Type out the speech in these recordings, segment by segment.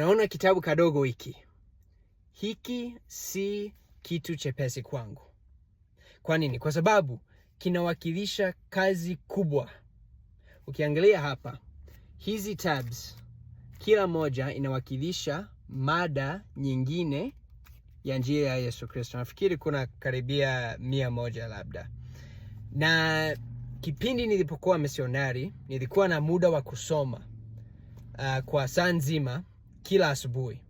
Unaona kitabu kadogo hiki, hiki si kitu chepesi kwangu. Kwa nini? Kwa sababu kinawakilisha kazi kubwa. Ukiangalia hapa, hizi tabs, kila moja inawakilisha mada nyingine ya njia ya Yesu Kristo. Nafikiri kuna karibia mia moja labda. Na kipindi nilipokuwa misionari, nilikuwa na muda wa kusoma uh, kwa saa nzima kila asubuhi,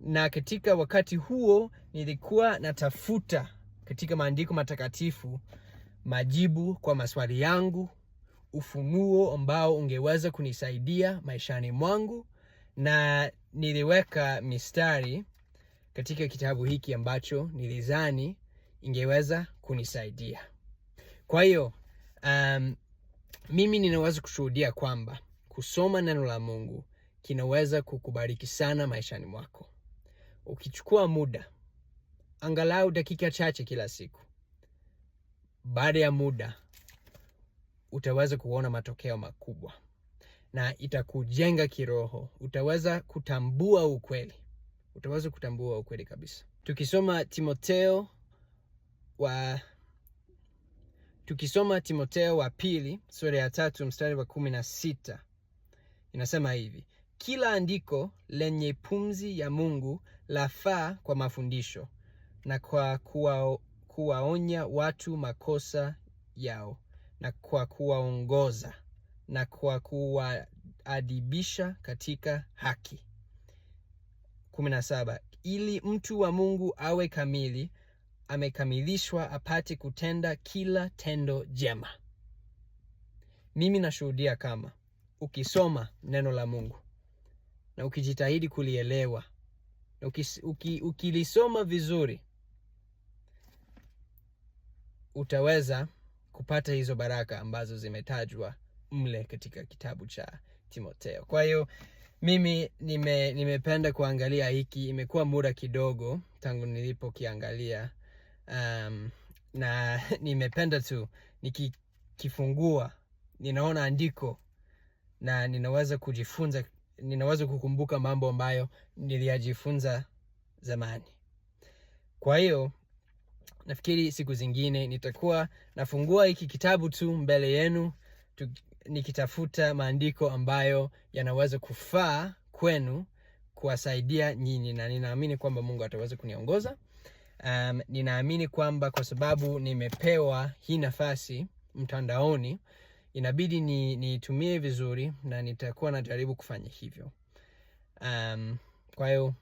na katika wakati huo nilikuwa natafuta katika maandiko matakatifu majibu kwa maswali yangu, ufunuo ambao ungeweza kunisaidia maishani mwangu, na niliweka mistari katika kitabu hiki ambacho nilizani ingeweza kunisaidia. Kwa hiyo um, mimi ninaweza kushuhudia kwamba kusoma neno la Mungu kinaweza kukubariki sana maishani mwako. Ukichukua muda angalau dakika chache kila siku, baada ya muda utaweza kuona matokeo makubwa na itakujenga kiroho. Utaweza kutambua ukweli, utaweza kutambua ukweli kabisa. Tukisoma timoteo wa tukisoma Timoteo wa pili sura ya tatu mstari wa kumi na sita inasema hivi: kila andiko lenye pumzi ya Mungu lafaa kwa mafundisho na kwa kuwa, kuwaonya watu makosa yao na kwa kuwaongoza na kwa kuwaadibisha katika haki. 17. Ili mtu wa Mungu awe kamili, amekamilishwa apate kutenda kila tendo jema. Mimi nashuhudia kama ukisoma neno la Mungu na ukijitahidi kulielewa na uki, ukilisoma vizuri utaweza kupata hizo baraka ambazo zimetajwa mle katika kitabu cha Timotheo. Kwa hiyo mimi nime, nimependa kuangalia hiki, imekuwa muda kidogo tangu nilipokiangalia um, na nimependa tu nikikifungua ninaona andiko na ninaweza kujifunza ninaweza kukumbuka mambo ambayo niliyajifunza zamani. Kwa hiyo nafikiri siku zingine nitakuwa nafungua hiki kitabu tu mbele yenu tu, nikitafuta maandiko ambayo yanaweza kufaa kwenu kuwasaidia nyinyi, na ninaamini kwamba Mungu ataweza kuniongoza. Um, ninaamini kwamba kwa sababu nimepewa hii nafasi mtandaoni inabidi niitumie ni vizuri na nitakuwa najaribu kufanya hivyo. Um, kwa hiyo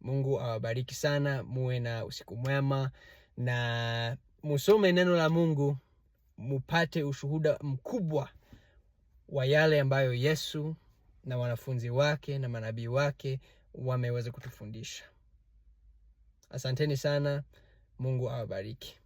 Mungu awabariki sana, muwe na usiku mwema na musome neno la Mungu mupate ushuhuda mkubwa wa yale ambayo Yesu na wanafunzi wake na manabii wake wameweza kutufundisha. Asanteni sana, Mungu awabariki.